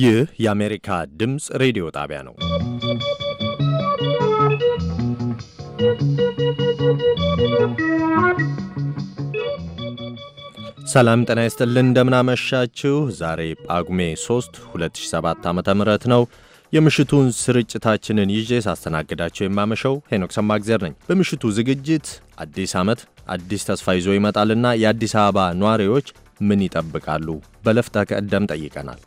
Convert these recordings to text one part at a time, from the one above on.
ይህ የአሜሪካ ድምፅ ሬዲዮ ጣቢያ ነው። ሰላም ጤና ይስጥልን፣ እንደምናመሻችሁ። ዛሬ ጳጉሜ 3 2007 ዓ ም ነው። የምሽቱን ስርጭታችንን ይዤ ሳስተናግዳቸው የማመሸው ሄኖክ ሰማግዜር ነኝ። በምሽቱ ዝግጅት አዲስ ዓመት አዲስ ተስፋ ይዞ ይመጣልና የአዲስ አበባ ነዋሪዎች ምን ይጠብቃሉ? በለፍታ ቀደም ጠይቀናል።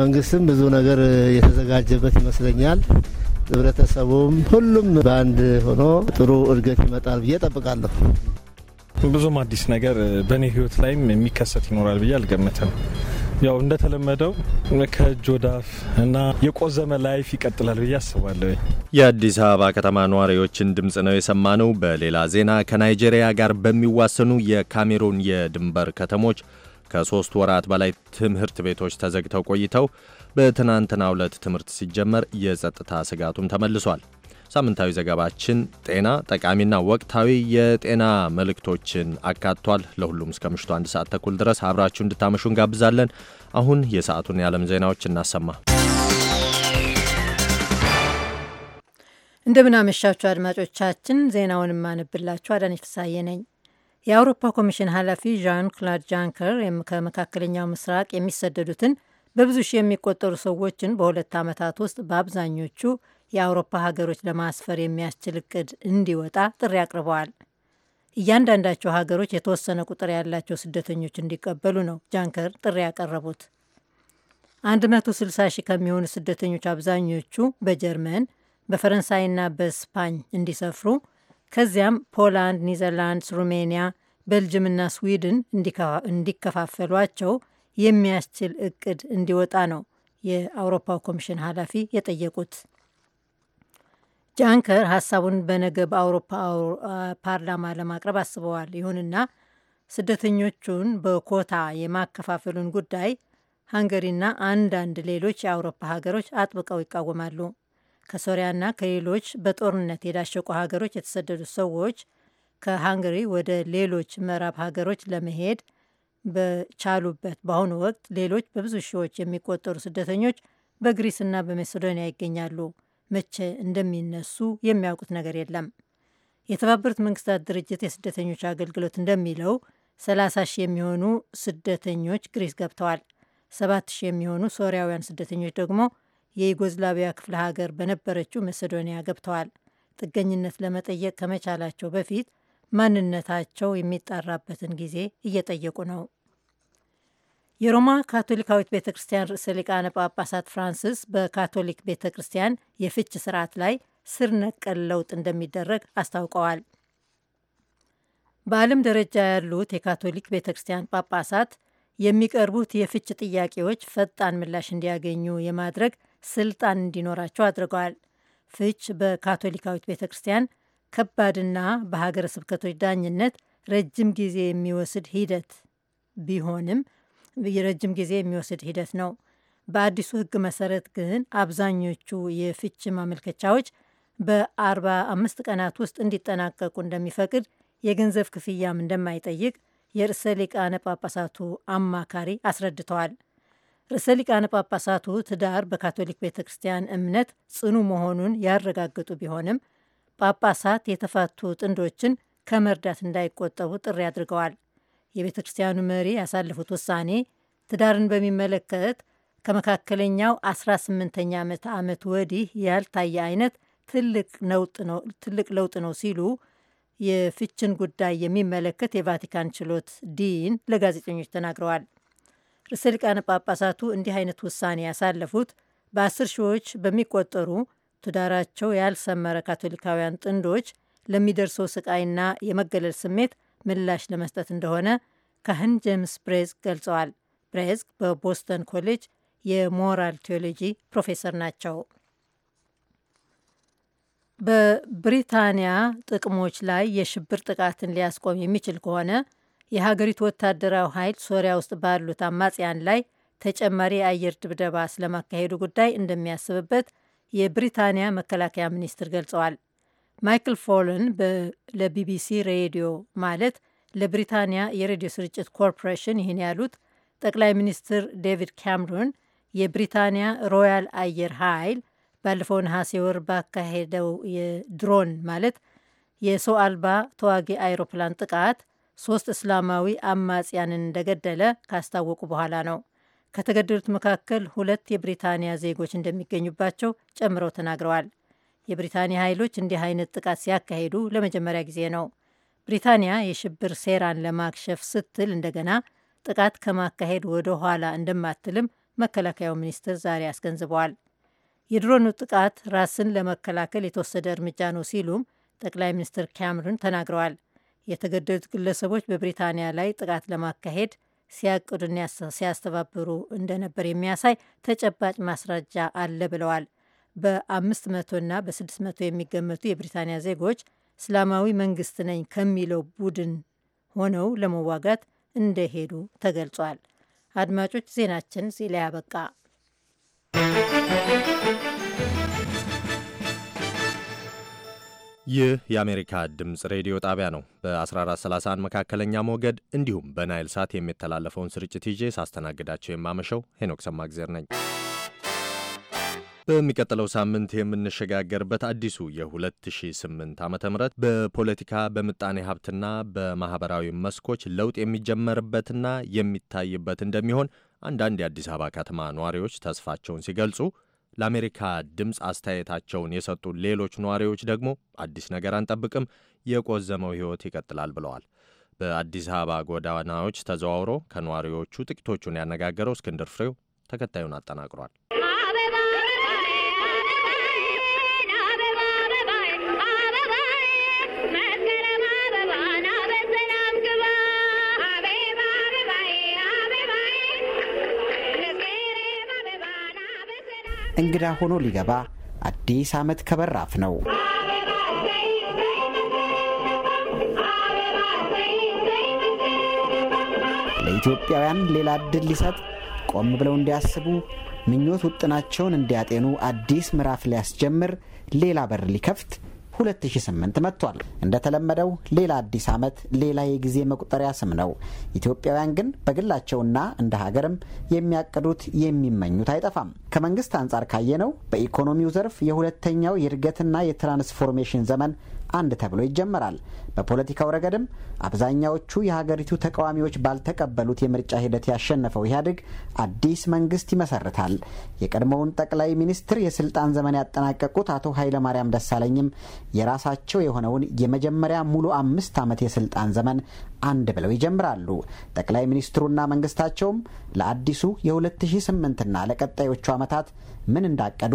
መንግስትም ብዙ ነገር የተዘጋጀበት ይመስለኛል። ህብረተሰቡም ሁሉም በአንድ ሆኖ ጥሩ እድገት ይመጣል ብዬ ጠብቃለሁ። ብዙም አዲስ ነገር በእኔ ህይወት ላይም የሚከሰት ይኖራል ብዬ አልገምትም። ያው እንደተለመደው ከእጅ ወዳፍ እና የቆዘመ ላይፍ ይቀጥላል ብዬ አስባለሁ። የአዲስ አበባ ከተማ ነዋሪዎችን ድምፅ ነው የሰማነው። በሌላ ዜና ከናይጄሪያ ጋር በሚዋሰኑ የካሜሩን የድንበር ከተሞች ከሶስት ወራት በላይ ትምህርት ቤቶች ተዘግተው ቆይተው በትናንትናው ዕለት ትምህርት ሲጀመር የጸጥታ ስጋቱም ተመልሷል። ሳምንታዊ ዘገባችን ጤና ጠቃሚና ወቅታዊ የጤና መልእክቶችን አካቷል። ለሁሉም እስከ ምሽቱ አንድ ሰዓት ተኩል ድረስ አብራችሁ እንድታመሹ እንጋብዛለን። አሁን የሰዓቱን የዓለም ዜናዎች እናሰማ። እንደምናመሻችሁ አድማጮቻችን፣ ዜናውን የማነብላችሁ አዳነች ፍሳዬ ነኝ። የአውሮፓ ኮሚሽን ኃላፊ ዣን ክላድ ጃንከር ከመካከለኛው ምስራቅ የሚሰደዱትን በብዙ ሺህ የሚቆጠሩ ሰዎችን በሁለት ዓመታት ውስጥ በአብዛኞቹ የአውሮፓ ሀገሮች ለማስፈር የሚያስችል እቅድ እንዲወጣ ጥሪ አቅርበዋል። እያንዳንዳቸው ሀገሮች የተወሰነ ቁጥር ያላቸው ስደተኞች እንዲቀበሉ ነው ጃንከር ጥሪ ያቀረቡት። 160 ሺህ ከሚሆኑ ስደተኞች አብዛኞቹ በጀርመን በፈረንሳይና በስፓኝ እንዲሰፍሩ ከዚያም ፖላንድ፣ ኒዘርላንድስ፣ ሩሜኒያ፣ ቤልጅምና ስዊድን እንዲከፋፈሏቸው የሚያስችል እቅድ እንዲወጣ ነው የአውሮፓው ኮሚሽን ኃላፊ የጠየቁት። ጃንከር ሀሳቡን በነገ በአውሮፓ ፓርላማ ለማቅረብ አስበዋል። ይሁንና ስደተኞቹን በኮታ የማከፋፈሉን ጉዳይ ሃንገሪና አንዳንድ ሌሎች የአውሮፓ ሀገሮች አጥብቀው ይቃወማሉ። ከሶሪያና ከሌሎች በጦርነት የዳሸቁ ሀገሮች የተሰደዱት ሰዎች ከሃንገሪ ወደ ሌሎች ምዕራብ ሀገሮች ለመሄድ በቻሉበት በአሁኑ ወቅት ሌሎች በብዙ ሺዎች የሚቆጠሩ ስደተኞች በግሪስና በመቄዶንያ ይገኛሉ። መቼ እንደሚነሱ የሚያውቁት ነገር የለም። የተባበሩት መንግስታት ድርጅት የስደተኞች አገልግሎት እንደሚለው 30 ሺህ የሚሆኑ ስደተኞች ግሪስ ገብተዋል። 7 ሺህ የሚሆኑ ሶሪያውያን ስደተኞች ደግሞ የዩጎዝላቪያ ክፍለ ሀገር በነበረችው መሰዶኒያ ገብተዋል። ጥገኝነት ለመጠየቅ ከመቻላቸው በፊት ማንነታቸው የሚጣራበትን ጊዜ እየጠየቁ ነው። የሮማ ካቶሊካዊት ቤተ ክርስቲያን ርዕሰ ሊቃነ ጳጳሳት ፍራንሲስ በካቶሊክ ቤተ ክርስቲያን የፍች ስርዓት ላይ ስር ነቀል ለውጥ እንደሚደረግ አስታውቀዋል። በዓለም ደረጃ ያሉት የካቶሊክ ቤተ ክርስቲያን ጳጳሳት የሚቀርቡት የፍች ጥያቄዎች ፈጣን ምላሽ እንዲያገኙ የማድረግ ስልጣን እንዲኖራቸው አድርገዋል። ፍች በካቶሊካዊት ቤተ ክርስቲያን ከባድና በሀገረ ስብከቶች ዳኝነት ረጅም ጊዜ የሚወስድ ሂደት ቢሆንም ረጅም ጊዜ የሚወስድ ሂደት ነው። በአዲሱ ህግ መሰረት ግን አብዛኞቹ የፍች ማመልከቻዎች በ45 ቀናት ውስጥ እንዲጠናቀቁ እንደሚፈቅድ፣ የገንዘብ ክፍያም እንደማይጠይቅ የርዕሰ ሊቃነ ጳጳሳቱ አማካሪ አስረድተዋል። ርዕሰ ሊቃነ ጳጳሳቱ ትዳር በካቶሊክ ቤተ ክርስቲያን እምነት ጽኑ መሆኑን ያረጋገጡ ቢሆንም ጳጳሳት የተፋቱ ጥንዶችን ከመርዳት እንዳይቆጠቡ ጥሪ አድርገዋል። የቤተ ክርስቲያኑ መሪ ያሳለፉት ውሳኔ ትዳርን በሚመለከት ከመካከለኛው 18ኛ ዓመት ዓመት ወዲህ ያልታየ አይነት ትልቅ ለውጥ ነው ሲሉ የፍችን ጉዳይ የሚመለከት የቫቲካን ችሎት ዲን ለጋዜጠኞች ተናግረዋል። ርዕሰ ሊቃነ ጳጳሳቱ እንዲህ አይነት ውሳኔ ያሳለፉት በአስር ሺዎች በሚቆጠሩ ትዳራቸው ያልሰመረ ካቶሊካውያን ጥንዶች ለሚደርሰው ስቃይና የመገለል ስሜት ምላሽ ለመስጠት እንደሆነ ካህን ጄምስ ብሬዝግ ገልጸዋል። ብሬዝግ በቦስተን ኮሌጅ የሞራል ቴዎሎጂ ፕሮፌሰር ናቸው። በብሪታንያ ጥቅሞች ላይ የሽብር ጥቃትን ሊያስቆም የሚችል ከሆነ የሀገሪቱ ወታደራዊ ኃይል ሶሪያ ውስጥ ባሉት አማጽያን ላይ ተጨማሪ የአየር ድብደባ ስለማካሄዱ ጉዳይ እንደሚያስብበት የብሪታንያ መከላከያ ሚኒስትር ገልጸዋል። ማይክል ፎለን ለቢቢሲ ሬዲዮ ማለት ለብሪታንያ የሬዲዮ ስርጭት ኮርፖሬሽን ይህን ያሉት ጠቅላይ ሚኒስትር ዴቪድ ካምሩን የብሪታንያ ሮያል አየር ኃይል ባለፈው ነሐሴ ወር ባካሄደው የድሮን ማለት የሰው አልባ ተዋጊ አይሮፕላን ጥቃት ሶስት እስላማዊ አማጽያንን እንደገደለ ካስታወቁ በኋላ ነው። ከተገደሉት መካከል ሁለት የብሪታንያ ዜጎች እንደሚገኙባቸው ጨምረው ተናግረዋል። የብሪታንያ ኃይሎች እንዲህ አይነት ጥቃት ሲያካሂዱ ለመጀመሪያ ጊዜ ነው። ብሪታንያ የሽብር ሴራን ለማክሸፍ ስትል እንደገና ጥቃት ከማካሄድ ወደ ኋላ እንደማትልም መከላከያው ሚኒስትር ዛሬ አስገንዝበዋል። የድሮኑ ጥቃት ራስን ለመከላከል የተወሰደ እርምጃ ነው ሲሉም ጠቅላይ ሚኒስትር ካምሩን ተናግረዋል። የተገደሉት ግለሰቦች በብሪታንያ ላይ ጥቃት ለማካሄድ ሲያቅዱና ሲያስተባብሩ እንደነበር የሚያሳይ ተጨባጭ ማስረጃ አለ ብለዋል። በአምስት መቶና በስድስት መቶ የሚገመቱ የብሪታንያ ዜጎች እስላማዊ መንግስት ነኝ ከሚለው ቡድን ሆነው ለመዋጋት እንደሄዱ ተገልጿል። አድማጮች ዜናችን እዚህ ላይ ያበቃ። ይህ የአሜሪካ ድምፅ ሬዲዮ ጣቢያ ነው። በ1431 መካከለኛ ሞገድ እንዲሁም በናይል ሳት የሚተላለፈውን ስርጭት ይዤ ሳስተናግዳቸው የማመሸው ሄኖክ ሰማግዜር ነኝ። በሚቀጥለው ሳምንት የምንሸጋገርበት አዲሱ የ2008 ዓ ም በፖለቲካ በምጣኔ ሀብትና በማኅበራዊ መስኮች ለውጥ የሚጀመርበትና የሚታይበት እንደሚሆን አንዳንድ የአዲስ አበባ ከተማ ነዋሪዎች ተስፋቸውን ሲገልጹ ለአሜሪካ ድምፅ አስተያየታቸውን የሰጡ ሌሎች ነዋሪዎች ደግሞ አዲስ ነገር አንጠብቅም፣ የቆዘመው ሕይወት ይቀጥላል ብለዋል። በአዲስ አበባ ጎዳናዎች ተዘዋውሮ ከነዋሪዎቹ ጥቂቶቹን ያነጋገረው እስክንድር ፍሬው ተከታዩን አጠናቅሯል። እንግዳ ሆኖ ሊገባ አዲስ ዓመት ከበራፍ ነው። ለኢትዮጵያውያን ሌላ ዕድል ሊሰጥ ቆም ብለው እንዲያስቡ ምኞት ውጥናቸውን እንዲያጤኑ አዲስ ምዕራፍ ሊያስጀምር ሌላ በር ሊከፍት 2008 መጥቷል። እንደተለመደው ሌላ አዲስ ዓመት፣ ሌላ የጊዜ መቁጠሪያ ስም ነው። ኢትዮጵያውያን ግን በግላቸውና እንደ ሀገርም የሚያቅዱት የሚመኙት አይጠፋም። ከመንግስት አንጻር ካየነው በኢኮኖሚው ዘርፍ የሁለተኛው የእድገትና የትራንስፎርሜሽን ዘመን አንድ ተብሎ ይጀመራል። በፖለቲካው ረገድም አብዛኛዎቹ የሀገሪቱ ተቃዋሚዎች ባልተቀበሉት የምርጫ ሂደት ያሸነፈው ኢህአዴግ አዲስ መንግስት ይመሰርታል። የቀድሞውን ጠቅላይ ሚኒስትር የስልጣን ዘመን ያጠናቀቁት አቶ ኃይለማርያም ደሳለኝም የራሳቸው የሆነውን የመጀመሪያ ሙሉ አምስት ዓመት የስልጣን ዘመን አንድ ብለው ይጀምራሉ። ጠቅላይ ሚኒስትሩና መንግስታቸውም ለአዲሱ የ2008ና ለቀጣዮቹ ዓመታት ምን እንዳቀዱ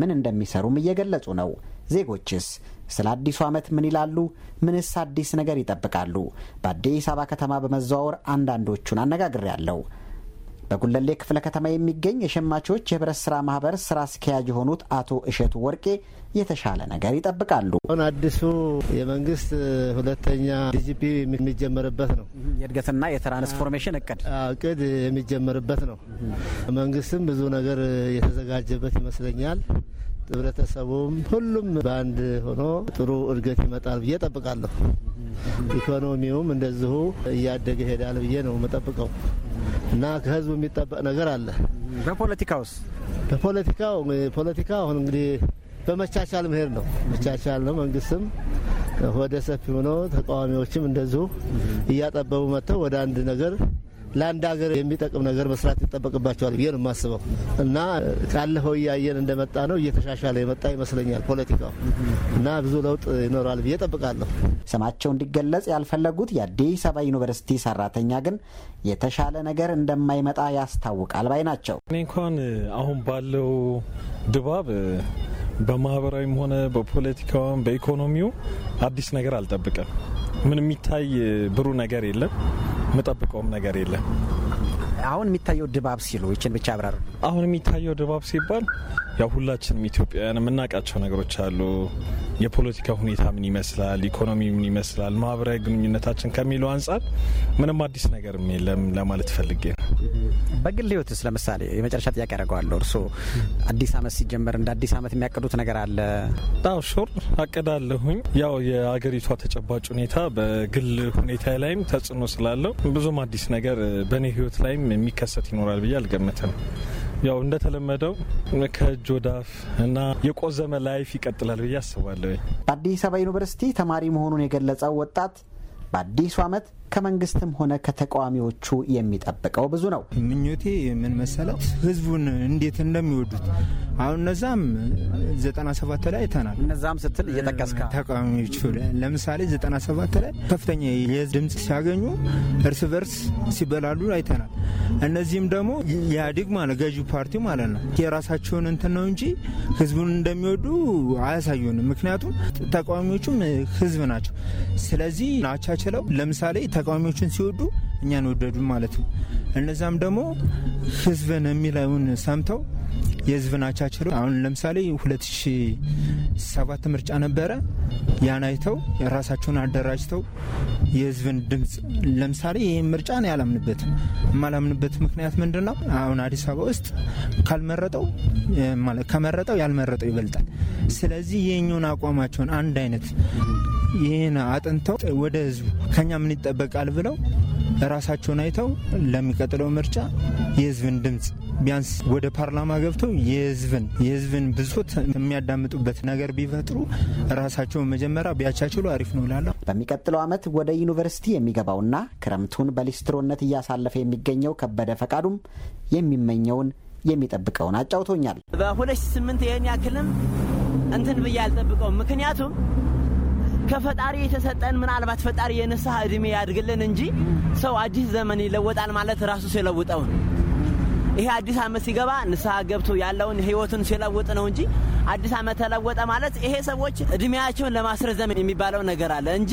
ምን እንደሚሰሩም እየገለጹ ነው። ዜጎችስ ስለ አዲሱ ዓመት ምን ይላሉ? ምንስ አዲስ ነገር ይጠብቃሉ? በአዲስ አበባ ከተማ በመዘዋወር አንዳንዶቹን አነጋግሬያለሁ። በጉለሌ ክፍለ ከተማ የሚገኝ የሸማቾች የህብረት ስራ ማህበር ስራ አስኪያጅ የሆኑት አቶ እሸቱ ወርቄ የተሻለ ነገር ይጠብቃሉ። አሁን አዲሱ የመንግስት ሁለተኛ ዲጂፒ የሚጀመርበት ነው። የእድገትና የትራንስፎርሜሽን እቅድ እቅድ የሚጀመርበት ነው። መንግስትም ብዙ ነገር የተዘጋጀበት ይመስለኛል። ህብረተሰቡም ሁሉም በአንድ ሆኖ ጥሩ እድገት ይመጣል ብዬ ጠብቃለሁ። ኢኮኖሚውም እንደዚሁ እያደገ ይሄዳል ብዬ ነው የምጠብቀው እና ከህዝቡ የሚጠበቅ ነገር አለ። በፖለቲካ በፖለቲካውስ በፖለቲካው ፖለቲካ አሁን እንግዲህ በመቻቻል መሄድ ነው። መቻቻል ነው። መንግስትም ወደ ሰፊ ሆኖ ተቃዋሚዎችም እንደዚሁ እያጠበቡ መጥተው ወደ አንድ ነገር ለአንድ ሀገር የሚጠቅም ነገር መስራት ይጠበቅባቸዋል ብዬ ነው የማስበው እና ካለፈው እያየን እንደመጣ ነው እየተሻሻለ የመጣ ይመስለኛል ፖለቲካው እና ብዙ ለውጥ ይኖራል ብዬ ጠብቃለሁ። ስማቸው እንዲገለጽ ያልፈለጉት የአዲስ አበባ ዩኒቨርሲቲ ሰራተኛ ግን የተሻለ ነገር እንደማይመጣ ያስታውቃል ባይ ናቸው። እኔ እንኳን አሁን ባለው ድባብ በማህበራዊም ሆነ በፖለቲካውም በኢኮኖሚው አዲስ ነገር አልጠብቅም። ምን የሚታይ ብሩ ነገር የለም። የምጠብቀውም ነገር የለም። አሁን የሚታየው ድባብ ሲሉ ይችን ብቻ አብራሩ። አሁን የሚታየው ድባብ ሲባል ያው ሁላችንም ኢትዮጵያውያን የምናውቃቸው ነገሮች አሉ የፖለቲካ ሁኔታ ምን ይመስላል፣ ኢኮኖሚ ምን ይመስላል፣ ማህበራዊ ግንኙነታችን ከሚለው አንጻር ምንም አዲስ ነገርም የለም ለማለት ፈልጌ ነው። በግል ህይወትስ ለምሳሌ የመጨረሻ ጥያቄ ያደርገዋለሁ። እርስዎ አዲስ አመት ሲጀመር እንደ አዲስ ዓመት የሚያቅዱት ነገር አለ? አዎ ሹር አቅዳለሁኝ። ያው የአገሪቷ ተጨባጭ ሁኔታ በግል ሁኔታ ላይም ተጽዕኖ ስላለው ብዙም አዲስ ነገር በእኔ ህይወት ላይም የሚከሰት ይኖራል ብዬ አልገምትም። ያው እንደተለመደው ከእጅ ወዳፍ እና የቆዘመ ላይፍ ይቀጥላል ብዬ አስባለሁ። በአዲስ አበባ ዩኒቨርሲቲ ተማሪ መሆኑን የገለጸው ወጣት በአዲሱ ዓመት ከመንግስትም ሆነ ከተቃዋሚዎቹ የሚጠብቀው ብዙ ነው። ምኞቴ ምን መሰለት? ህዝቡን እንዴት እንደሚወዱት አሁን እነዛም ዘጠና ላይ አይተናል። እነዛም ስትል እየጠቀስከ ተቃዋሚዎች ለምሳሌ 97 ላይ ከፍተኛ የህዝብ ድምፅ ሲያገኙ እርስ በርስ ሲበላሉ አይተናል። እነዚህም ደግሞ ኢህአዴግ ማለት ገዢ ፓርቲ ማለት ነው የራሳቸውን እንትን ነው እንጂ ህዝቡን እንደሚወዱ አያሳዩንም። ምክንያቱም ተቃዋሚዎቹም ህዝብ ናቸው። ስለዚህ አቻችለው ለምሳሌ ተቃዋሚዎችን ሲወዱ እኛን ወደዱ ማለት ነው። እነዛም ደግሞ ህዝብን የሚለውን ሰምተው የህዝብን አቻችሎ አሁን ለምሳሌ 2007 ምርጫ ነበረ። ያን አይተው ራሳቸውን አደራጅተው የህዝብን ድምፅ ለምሳሌ ይህ ምርጫ ነው ያላምንበት። የማላምንበት ምክንያት ምንድን ነው? አሁን አዲስ አበባ ውስጥ ካልመረጠው ከመረጠው ያልመረጠው ይበልጣል። ስለዚህ ይህኛውን አቋማቸውን አንድ አይነት ይህን አጥንተው ወደ ህዝቡ ከኛ ምን ይጠበቃል ብለው ራሳቸውን አይተው ለሚቀጥለው ምርጫ የህዝብን ድምፅ ቢያንስ ወደ ፓርላማ ገብተው የህዝብን የህዝብን ብሶት የሚያዳምጡበት ነገር ቢፈጥሩ ራሳቸውን መጀመሪያ ቢያቻችሉ አሪፍ ነው እላለሁ። በሚቀጥለው ዓመት ወደ ዩኒቨርሲቲ የሚገባውና ክረምቱን በሊስትሮነት እያሳለፈ የሚገኘው ከበደ ፈቃዱም የሚመኘውን የሚጠብቀውን አጫውቶኛል። በሁለት ሺህ ስምንት ይህን ያክልም እንትን ብዬ አልጠብቀውም። ምክንያቱም ከፈጣሪ የተሰጠን ምናልባት ፈጣሪ የንስሐ እድሜ ያድግልን እንጂ ሰው አዲስ ዘመን ይለወጣል ማለት ራሱ ሲለውጠውን ይሄ አዲስ ዓመት ሲገባ ንስሐ ገብቶ ያለውን ህይወቱን ሲለውጥ ነው እንጂ አዲስ ዓመት ተለወጠ ማለት ይሄ ሰዎች እድሜያቸውን ለማስረዘም የሚባለው ነገር አለ እንጂ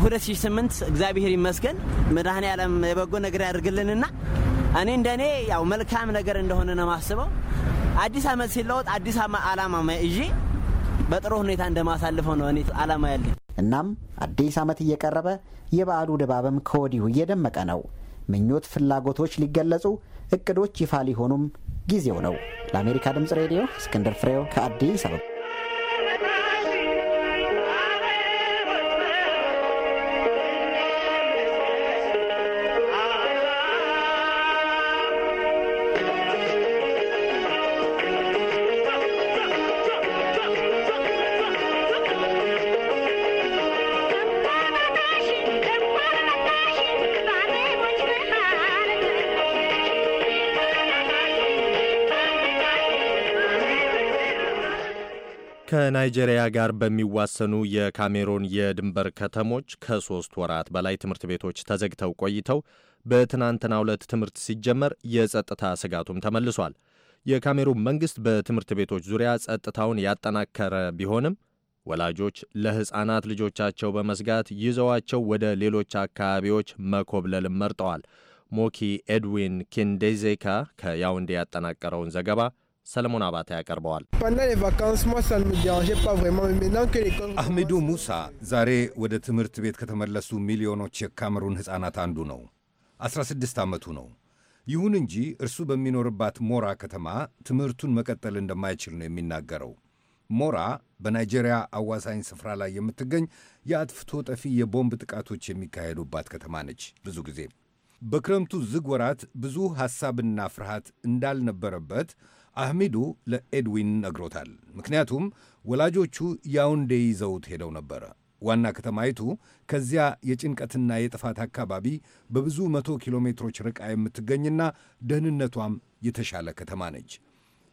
2008 እግዚአብሔር ይመስገን መድኃኔ ዓለም የበጎ ነገር ያደርግልንና እኔ እንደኔ ያው መልካም ነገር እንደሆነ ነው ማስበው አዲስ ዓመት ሲለወጥ አዲስ ዓላማ ይዤ በጥሩ ሁኔታ እንደማሳልፈው ነው እኔ ዓላማ ያለኝ። እናም አዲስ ዓመት እየቀረበ የበዓሉ ድባብም ከወዲሁ እየደመቀ ነው። ምኞት፣ ፍላጎቶች ሊገለጹ እቅዶች ይፋ ሊሆኑም ጊዜው ነው። ለአሜሪካ ድምፅ ሬዲዮ እስክንድር ፍሬው ከአዲስ አበባ ከናይጄሪያ ጋር በሚዋሰኑ የካሜሮን የድንበር ከተሞች ከሶስት ወራት በላይ ትምህርት ቤቶች ተዘግተው ቆይተው በትናንትናው ዕለት ትምህርት ሲጀመር የጸጥታ ስጋቱም ተመልሷል። የካሜሩን መንግሥት በትምህርት ቤቶች ዙሪያ ጸጥታውን ያጠናከረ ቢሆንም ወላጆች ለሕፃናት ልጆቻቸው በመስጋት ይዘዋቸው ወደ ሌሎች አካባቢዎች መኮብለልም መርጠዋል። ሞኪ ኤድዊን ኪንዴዜካ ከያውንዴ ያጠናቀረውን ዘገባ ሰለሞን አባተ ያቀርበዋል። አህሜዱ ሙሳ ዛሬ ወደ ትምህርት ቤት ከተመለሱ ሚሊዮኖች የካሜሩን ሕፃናት አንዱ ነው። 16 ዓመቱ ነው። ይሁን እንጂ እርሱ በሚኖርባት ሞራ ከተማ ትምህርቱን መቀጠል እንደማይችል ነው የሚናገረው። ሞራ በናይጄሪያ አዋሳኝ ስፍራ ላይ የምትገኝ የአጥፍቶ ጠፊ የቦምብ ጥቃቶች የሚካሄዱባት ከተማ ነች። ብዙ ጊዜ በክረምቱ ዝግ ወራት ብዙ ሐሳብና ፍርሃት እንዳልነበረበት አህሚዱ ለኤድዊን ነግሮታል። ምክንያቱም ወላጆቹ ያውንዴ ይዘውት ሄደው ነበረ። ዋና ከተማይቱ ከዚያ የጭንቀትና የጥፋት አካባቢ በብዙ መቶ ኪሎ ሜትሮች ርቃ የምትገኝና ደህንነቷም የተሻለ ከተማ ነች።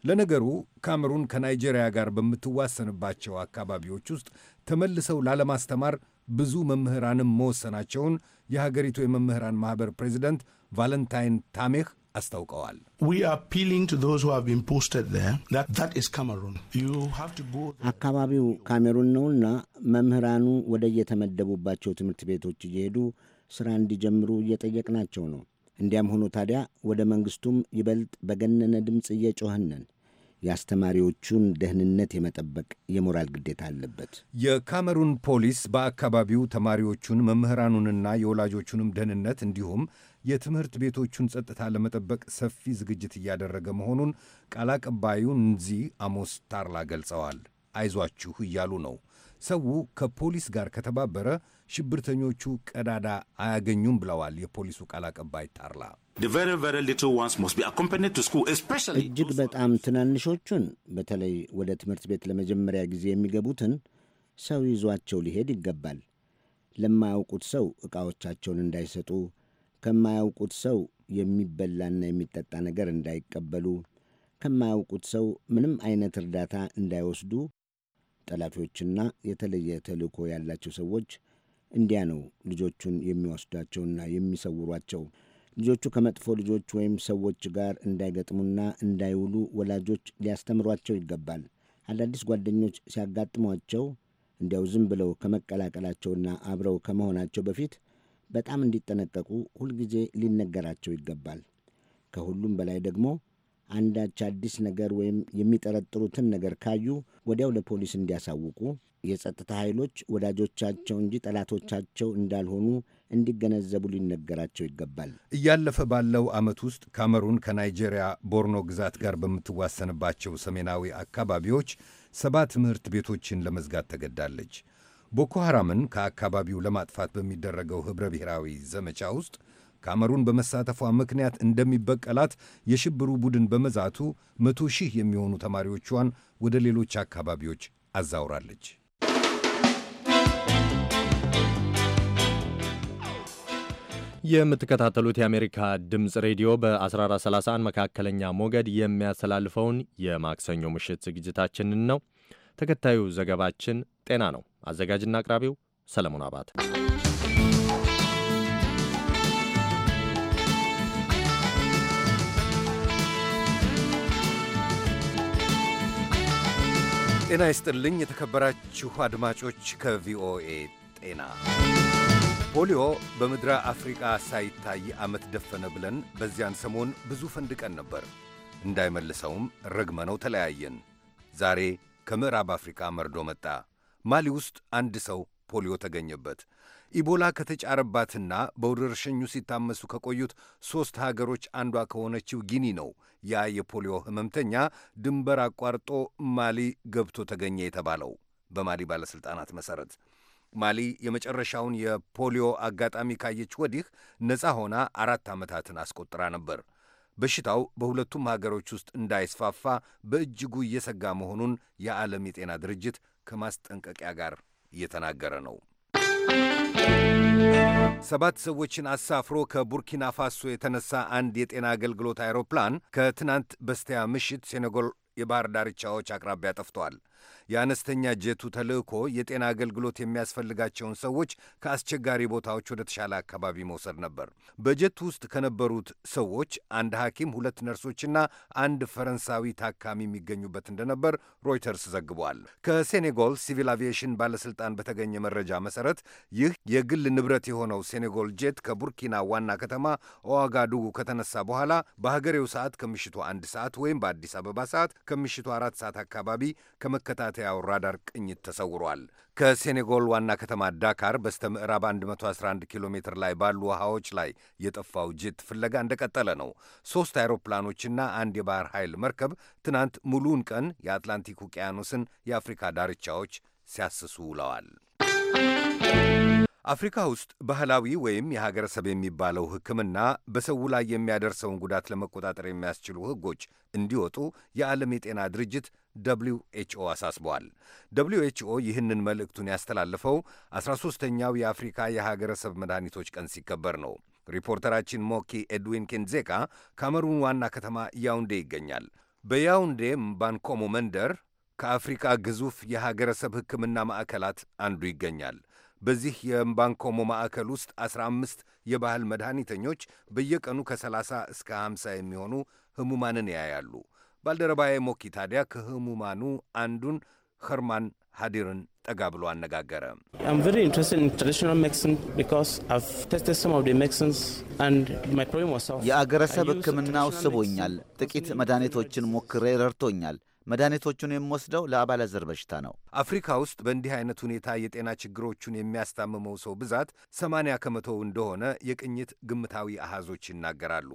ለነገሩ ካሜሩን ከናይጄሪያ ጋር በምትዋሰንባቸው አካባቢዎች ውስጥ ተመልሰው ላለማስተማር ብዙ መምህራንም መወሰናቸውን የሀገሪቱ የመምህራን ማኅበር ፕሬዚደንት ቫለንታይን ታሜህ አስታውቀዋል። አካባቢው ካሜሩን ነውና መምህራኑ ወደ የተመደቡባቸው ትምህርት ቤቶች እየሄዱ ሥራ እንዲጀምሩ እየጠየቅናቸው ነው። እንዲያም ሆኖ ታዲያ ወደ መንግሥቱም ይበልጥ በገነነ ድምፅ እየጮኸን የአስተማሪዎቹን ደህንነት የመጠበቅ የሞራል ግዴታ አለበት። የካሜሩን ፖሊስ በአካባቢው ተማሪዎቹን፣ መምህራኑንና የወላጆቹንም ደህንነት እንዲሁም የትምህርት ቤቶቹን ጸጥታ ለመጠበቅ ሰፊ ዝግጅት እያደረገ መሆኑን ቃል አቀባዩ ንዚ አሞስ ታርላ ገልጸዋል። አይዟችሁ እያሉ ነው። ሰው ከፖሊስ ጋር ከተባበረ ሽብርተኞቹ ቀዳዳ አያገኙም ብለዋል የፖሊሱ ቃል አቀባይ ታርላ። እጅግ በጣም ትናንሾቹን በተለይ ወደ ትምህርት ቤት ለመጀመሪያ ጊዜ የሚገቡትን ሰው ይዟቸው ሊሄድ ይገባል። ለማያውቁት ሰው ዕቃዎቻቸውን እንዳይሰጡ፣ ከማያውቁት ሰው የሚበላና የሚጠጣ ነገር እንዳይቀበሉ፣ ከማያውቁት ሰው ምንም አይነት እርዳታ እንዳይወስዱ ጠላፊዎችና የተለየ ተልእኮ ያላቸው ሰዎች እንዲያ ነው ልጆቹን የሚወስዷቸውና የሚሰውሯቸው። ልጆቹ ከመጥፎ ልጆች ወይም ሰዎች ጋር እንዳይገጥሙና እንዳይውሉ ወላጆች ሊያስተምሯቸው ይገባል። አዳዲስ ጓደኞች ሲያጋጥሟቸው እንዲያው ዝም ብለው ከመቀላቀላቸውና አብረው ከመሆናቸው በፊት በጣም እንዲጠነቀቁ ሁልጊዜ ሊነገራቸው ይገባል። ከሁሉም በላይ ደግሞ አንዳች አዲስ ነገር ወይም የሚጠረጥሩትን ነገር ካዩ ወዲያው ለፖሊስ እንዲያሳውቁ፣ የጸጥታ ኃይሎች ወዳጆቻቸው እንጂ ጠላቶቻቸው እንዳልሆኑ እንዲገነዘቡ ሊነገራቸው ይገባል። እያለፈ ባለው ዓመት ውስጥ ካሜሩን ከናይጄሪያ ቦርኖ ግዛት ጋር በምትዋሰንባቸው ሰሜናዊ አካባቢዎች ሰባ ትምህርት ቤቶችን ለመዝጋት ተገዳለች። ቦኮ ሐራምን ከአካባቢው ለማጥፋት በሚደረገው ኅብረ ብሔራዊ ዘመቻ ውስጥ ካሜሩን በመሳተፏ ምክንያት እንደሚበቀላት የሽብሩ ቡድን በመዛቱ መቶ ሺህ የሚሆኑ ተማሪዎቿን ወደ ሌሎች አካባቢዎች አዛውራለች። የምትከታተሉት የአሜሪካ ድምፅ ሬዲዮ በ1431 መካከለኛ ሞገድ የሚያስተላልፈውን የማክሰኞ ምሽት ዝግጅታችንን ነው። ተከታዩ ዘገባችን ጤና ነው። አዘጋጅና አቅራቢው ሰለሞን አባተ። ጤና ይስጥልኝ የተከበራችሁ አድማጮች። ከቪኦኤ ጤና ፖሊዮ በምድረ አፍሪቃ ሳይታይ ዓመት ደፈነ ብለን በዚያን ሰሞን ብዙ ፈንድቀን ነበር። እንዳይመልሰውም ረግመነው ተለያየን። ዛሬ ከምዕራብ አፍሪቃ መርዶ መጣ። ማሊ ውስጥ አንድ ሰው ፖሊዮ ተገኘበት። ኢቦላ ከተጫረባትና በወረርሽኙ ሲታመሱ ከቆዩት ሦስት ሀገሮች አንዷ ከሆነችው ጊኒ ነው ያ የፖሊዮ ሕመምተኛ ድንበር አቋርጦ ማሊ ገብቶ ተገኘ የተባለው በማሊ ባለሥልጣናት መሠረት። ማሊ የመጨረሻውን የፖሊዮ አጋጣሚ ካየች ወዲህ ነፃ ሆና አራት ዓመታትን አስቆጥራ ነበር። በሽታው በሁለቱም ሀገሮች ውስጥ እንዳይስፋፋ በእጅጉ እየሰጋ መሆኑን የዓለም የጤና ድርጅት ከማስጠንቀቂያ ጋር እየተናገረ ነው። ሰባት ሰዎችን አሳፍሮ ከቡርኪና ፋሶ የተነሳ አንድ የጤና አገልግሎት አይሮፕላን ከትናንት በስቲያ ምሽት ሴኔጎል የባህር ዳርቻዎች አቅራቢያ ጠፍቷል። የአነስተኛ ጄቱ ተልእኮ የጤና አገልግሎት የሚያስፈልጋቸውን ሰዎች ከአስቸጋሪ ቦታዎች ወደ ተሻለ አካባቢ መውሰድ ነበር። በጀቱ ውስጥ ከነበሩት ሰዎች አንድ ሐኪም፣ ሁለት ነርሶችና አንድ ፈረንሳዊ ታካሚ የሚገኙበት እንደነበር ሮይተርስ ዘግቧል። ከሴኔጎል ሲቪል አቪዬሽን ባለሥልጣን በተገኘ መረጃ መሠረት ይህ የግል ንብረት የሆነው ሴኔጎል ጄት ከቡርኪና ዋና ከተማ ኦዋጋዱጉ ከተነሳ በኋላ በሀገሬው ሰዓት ከምሽቱ አንድ ሰዓት ወይም በአዲስ አበባ ሰዓት ከምሽቱ አራት ሰዓት አካባቢ ከመከ የመከታተያው ራዳር ቅኝት ተሰውሯል። ከሴኔጎል ዋና ከተማ ዳካር በስተ ምዕራብ 111 ኪሎ ሜትር ላይ ባሉ ውሃዎች ላይ የጠፋው ጄት ፍለጋ እንደቀጠለ ነው። ሦስት አይሮፕላኖችና አንድ የባህር ኃይል መርከብ ትናንት ሙሉውን ቀን የአትላንቲክ ውቅያኖስን የአፍሪካ ዳርቻዎች ሲያስሱ ውለዋል። አፍሪካ ውስጥ ባህላዊ ወይም የሀገረሰብ የሚባለው ሕክምና በሰው ላይ የሚያደርሰውን ጉዳት ለመቆጣጠር የሚያስችሉ ሕጎች እንዲወጡ የዓለም የጤና ድርጅት ደብሊው ኤችኦ አሳስበዋል። ደብሊው ኤችኦ ይህንን መልእክቱን ያስተላለፈው 13 ተኛው የአፍሪካ የሀገረሰብ መድኃኒቶች ቀን ሲከበር ነው። ሪፖርተራችን ሞኪ ኤድዊን ኬንዜካ ካሜሩን ዋና ከተማ ያውንዴ ይገኛል። በያውንዴ ባንኮሞ መንደር ከአፍሪካ ግዙፍ የሀገረሰብ ሕክምና ማዕከላት አንዱ ይገኛል። በዚህ የምባንኮሞ ማዕከል ውስጥ 15 የባህል መድኃኒተኞች በየቀኑ ከ30 እስከ 50 የሚሆኑ ህሙማንን ያያሉ። ባልደረባዬ ሞኪ ታዲያ ከህሙማኑ አንዱን ኸርማን ሀዲርን ጠጋ ብሎ አነጋገረ። የአገረሰብ ሕክምናው ስቦኛል። ጥቂት መድኃኒቶችን ሞክሬ ረድቶኛል። መድኃኒቶቹን የምወስደው ለአባላዘር በሽታ ነው። አፍሪካ ውስጥ በእንዲህ አይነት ሁኔታ የጤና ችግሮቹን የሚያስታምመው ሰው ብዛት 80 ከመቶ እንደሆነ የቅኝት ግምታዊ አሃዞች ይናገራሉ።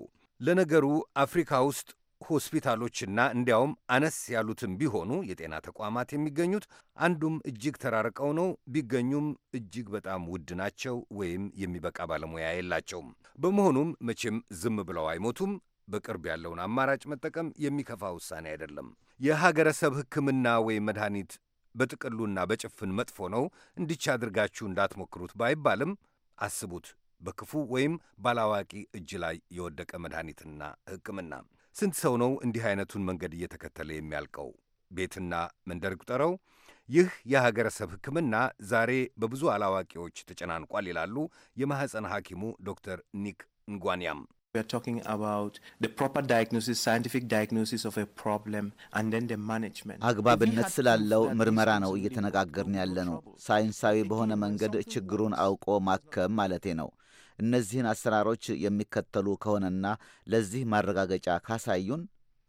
ለነገሩ አፍሪካ ውስጥ ሆስፒታሎችና እንዲያውም አነስ ያሉትም ቢሆኑ የጤና ተቋማት የሚገኙት አንዱም እጅግ ተራርቀው ነው። ቢገኙም እጅግ በጣም ውድ ናቸው ወይም የሚበቃ ባለሙያ የላቸውም። በመሆኑም መቼም ዝም ብለው አይሞቱም። በቅርብ ያለውን አማራጭ መጠቀም የሚከፋ ውሳኔ አይደለም። የሀገረሰብ ሕክምና ወይ መድኃኒት በጥቅሉና በጭፍን መጥፎ ነው፣ እንዲች አድርጋችሁ እንዳትሞክሩት ባይባልም አስቡት በክፉ ወይም ባላዋቂ እጅ ላይ የወደቀ መድኃኒትና ሕክምና። ስንት ሰው ነው እንዲህ አይነቱን መንገድ እየተከተለ የሚያልቀው? ቤትና መንደር ቁጠረው። ይህ የሀገረሰብ ሕክምና ዛሬ በብዙ አላዋቂዎች ተጨናንቋል ይላሉ የማኅፀን ሐኪሙ ዶክተር ኒክ እንጓንያም። We are talking about the proper diagnosis, scientific diagnosis of a problem and then the management. አግባብነት ስላለው ምርመራ ነው እየተነጋገርን ያለ ነው። ሳይንሳዊ በሆነ መንገድ ችግሩን አውቆ ማከም ማለቴ ነው። እነዚህን አሰራሮች የሚከተሉ ከሆነና ለዚህ ማረጋገጫ ካሳዩን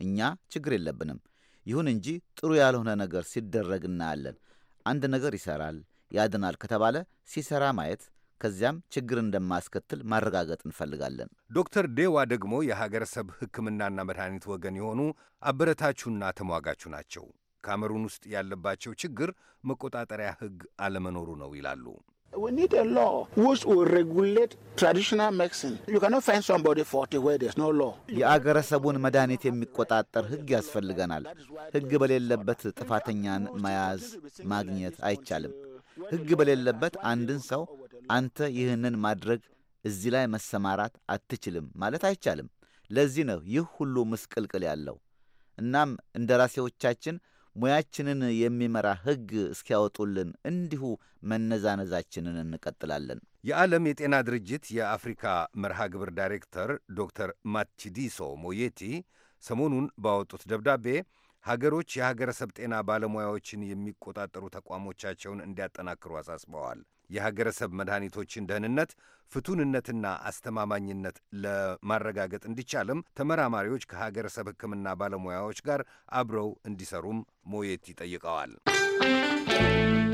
እኛ ችግር የለብንም። ይሁን እንጂ ጥሩ ያልሆነ ነገር ሲደረግ እናያለን። አንድ ነገር ይሰራል፣ ያድናል ከተባለ ሲሰራ ማየት ከዚያም ችግር እንደማያስከትል ማረጋገጥ እንፈልጋለን። ዶክተር ዴዋ ደግሞ የሀገረሰብ ሕክምናና መድኃኒት ወገን የሆኑ አበረታቹና ተሟጋቹ ናቸው። ካሜሩን ውስጥ ያለባቸው ችግር መቆጣጠሪያ ሕግ አለመኖሩ ነው ይላሉ። የአገረሰቡን መድኃኒት የሚቆጣጠር ሕግ ያስፈልገናል። ሕግ በሌለበት ጥፋተኛን መያዝ ማግኘት አይቻልም። ሕግ በሌለበት አንድን ሰው አንተ ይህንን ማድረግ እዚህ ላይ መሰማራት አትችልም ማለት አይቻልም። ለዚህ ነው ይህ ሁሉ ምስቅልቅል ያለው። እናም እንደራሴዎቻችን ሙያችንን የሚመራ ሕግ እስኪያወጡልን እንዲሁ መነዛነዛችንን እንቀጥላለን። የዓለም የጤና ድርጅት የአፍሪካ መርሃ ግብር ዳይሬክተር ዶክተር ማትቺዲሶ ሞየቲ ሰሞኑን ባወጡት ደብዳቤ ሀገሮች የሀገረሰብ ጤና ባለሙያዎችን የሚቆጣጠሩ ተቋሞቻቸውን እንዲያጠናክሩ አሳስበዋል። የሀገረሰብ መድኃኒቶችን ደህንነት ፍቱንነትና አስተማማኝነት ለማረጋገጥ እንዲቻልም ተመራማሪዎች ከሀገረሰብ ሕክምና ባለሙያዎች ጋር አብረው እንዲሰሩም ሞየት ይጠይቀዋል።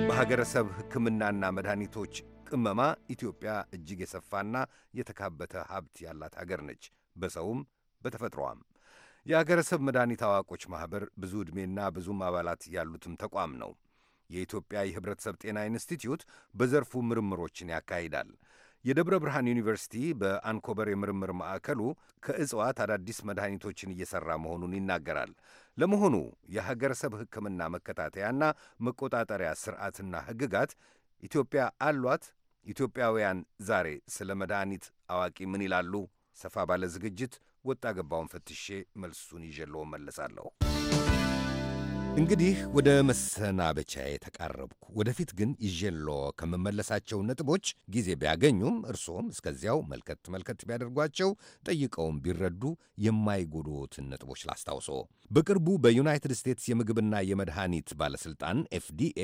በሀገረሰብ ሕክምናና መድኃኒቶች ቅመማ ኢትዮጵያ እጅግ የሰፋና የተካበተ ሀብት ያላት አገር ነች። በሰውም በተፈጥሮዋም የሀገረሰብ መድኃኒት አዋቆች ማኅበር ብዙ ዕድሜና ብዙም አባላት ያሉትም ተቋም ነው። የኢትዮጵያ የህብረተሰብ ጤና ኢንስቲትዩት በዘርፉ ምርምሮችን ያካሂዳል። የደብረ ብርሃን ዩኒቨርሲቲ በአንኮበር የምርምር ማዕከሉ ከእጽዋት አዳዲስ መድኃኒቶችን እየሠራ መሆኑን ይናገራል። ለመሆኑ የሀገረሰብ ሕክምና መከታተያና መቆጣጠሪያ ስርዓትና ህግጋት ኢትዮጵያ አሏት? ኢትዮጵያውያን ዛሬ ስለ መድኃኒት አዋቂ ምን ይላሉ? ሰፋ ባለ ዝግጅት ወጣ ገባውን ፈትሼ መልሱን ይዤልዎ መለሳለሁ። እንግዲህ ወደ መሰናበቻ የተቃረብኩ ወደፊት ግን ይዤሎ ከመመለሳቸው ነጥቦች ጊዜ ቢያገኙም እርስዎም እስከዚያው መልከት መልከት ቢያደርጓቸው ጠይቀውም ቢረዱ የማይጎዱትን ነጥቦች ላስታውሶ። በቅርቡ በዩናይትድ ስቴትስ የምግብና የመድኃኒት ባለሥልጣን ኤፍዲኤ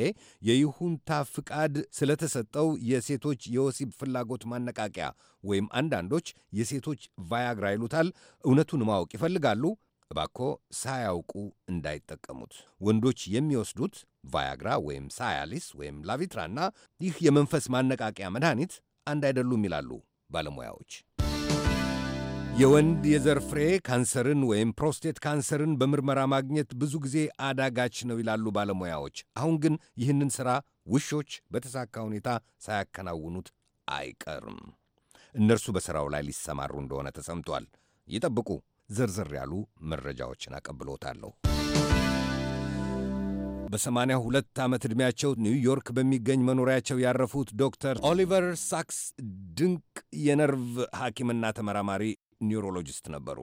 የይሁንታ ፍቃድ ስለተሰጠው የሴቶች የወሲብ ፍላጎት ማነቃቂያ ወይም አንዳንዶች የሴቶች ቫያግራ ይሉታል እውነቱን ማወቅ ይፈልጋሉ እባኮ ሳያውቁ እንዳይጠቀሙት። ወንዶች የሚወስዱት ቫያግራ ወይም ሳያሊስ ወይም ላቪትራና ይህ የመንፈስ ማነቃቂያ መድኃኒት አንድ አይደሉም ይላሉ ባለሙያዎች። የወንድ የዘር ፍሬ ካንሰርን ወይም ፕሮስቴት ካንሰርን በምርመራ ማግኘት ብዙ ጊዜ አዳጋች ነው ይላሉ ባለሙያዎች። አሁን ግን ይህንን ሥራ ውሾች በተሳካ ሁኔታ ሳያከናውኑት አይቀርም። እነርሱ በሥራው ላይ ሊሰማሩ እንደሆነ ተሰምቷል። ይጠብቁ። ዝርዝር ያሉ መረጃዎችን አቀብሎታለሁ። በሰማንያ ሁለት ዓመት ዕድሜያቸው ኒውዮርክ በሚገኝ መኖሪያቸው ያረፉት ዶክተር ኦሊቨር ሳክስ ድንቅ የነርቭ ሐኪምና ተመራማሪ ኒውሮሎጂስት ነበሩ።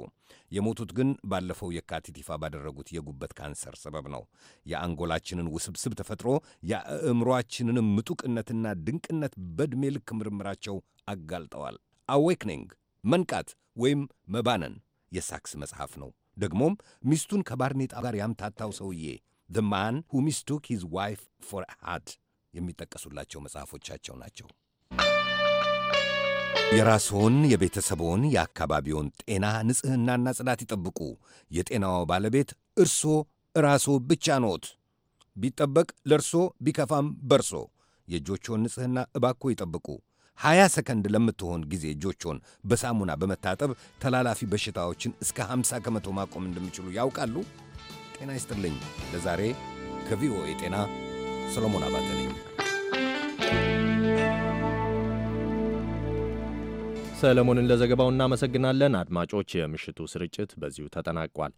የሞቱት ግን ባለፈው የካቲት ይፋ ባደረጉት የጉበት ካንሰር ሰበብ ነው። የአንጎላችንን ውስብስብ ተፈጥሮ የአእምሯችንንም ምጡቅነትና ድንቅነት በዕድሜ ልክ ምርምራቸው አጋልጠዋል። አዌክኒንግ መንቃት ወይም መባነን የሳክስ መጽሐፍ ነው። ደግሞም ሚስቱን ከባርኔጣ ጋር ያምታታው ሰውዬ ዘ ማን ሁ ሚስቱክ ሂዝ ዋይፍ ፎር ሃድ የሚጠቀሱላቸው መጽሐፎቻቸው ናቸው። የራስዎን፣ የቤተሰቦን የአካባቢውን ጤና ንጽሕናና ጽዳት ይጠብቁ። የጤናው ባለቤት እርሶ ራስዎ ብቻ ኖት። ቢጠበቅ ለእርሶ ቢከፋም በርሶ። የእጆችዎን ንጽሕና እባኮ ይጠብቁ። 20 ሰከንድ ለምትሆን ጊዜ እጆችዎን በሳሙና በመታጠብ ተላላፊ በሽታዎችን እስከ 50 ከመቶ ማቆም እንደሚችሉ ያውቃሉ? ጤና ይስጥልኝ። ለዛሬ ከቪኦኤ ጤና ሰሎሞን አባተ ነኝ። ሰለሞንን ለዘገባው እናመሰግናለን። አድማጮች፣ የምሽቱ ስርጭት በዚሁ ተጠናቋል።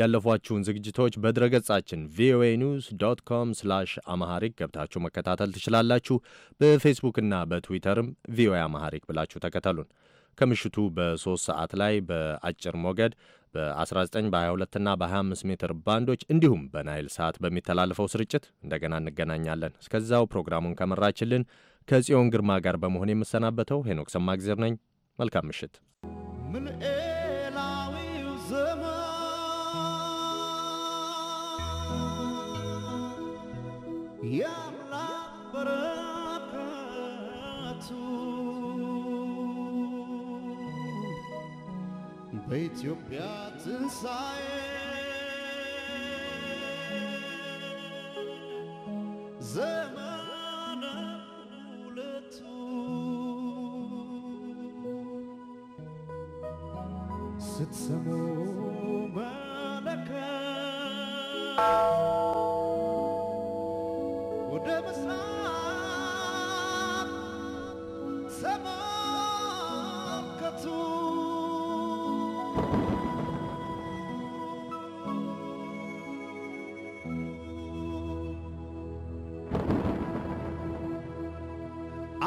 ያለፏችሁን ዝግጅቶች በድረገጻችን ቪኦኤ ኒውስ ዶት ኮም ስላሽ አማሐሪክ ገብታችሁ መከታተል ትችላላችሁ። በፌስቡክና በትዊተርም ቪኦኤ አማሐሪክ ብላችሁ ተከተሉን። ከምሽቱ በሶስት ሰዓት ላይ በአጭር ሞገድ በ19 በ22ና በ25 ሜትር ባንዶች እንዲሁም በናይል ሰዓት በሚተላለፈው ስርጭት እንደገና እንገናኛለን። እስከዛው ፕሮግራሙን ከመራችልን ከጽዮን ግርማ ጋር በመሆን የምሰናበተው ሄኖክ ሰማግዜር ነኝ። መልካም ምሽት። Wait your beard inside Zemanulatu Sit some over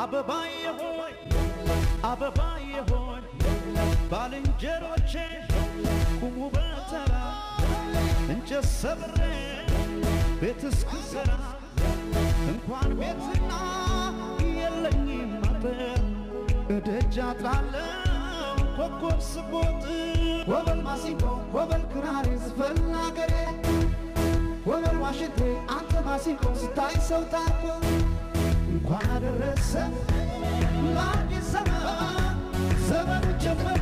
አበባዬ ሆይ አበባዬ ሆይ ባልንጀሮቼ ቁሙ በተራ እንጨት ሰብሬ ቤት እስክሰራ እንኳን ቤትና የለኝም አጥር እደጃ በኮር ስቦጥ ወበል ማሲንቆ ወበል ክራር ወበል ዋሽንቴ አንተ ማሲንቆ ስታይ ሰው ታርቆ እንኳን አደረሰ ለአዲስ ዘመን ዘመኑ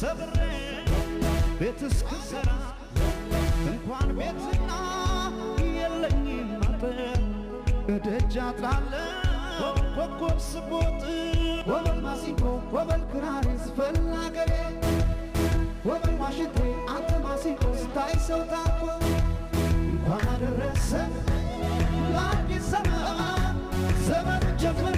ሰብሬ ቤት እስክሰራ እንኳን ቤትና የለኝም አጥር እደጃ ጥላለሁ ኮከብ ስቦጥ ወበል ማሲንቆ ወበል ክራሬ ስፈል አገሬ ወበል ዋሽንቴ አንተ ማሲንቆ ስታይ ሰው ታኮ እንኳን አደረሰ ለአዲስ ዘመን ዘመን ጀምር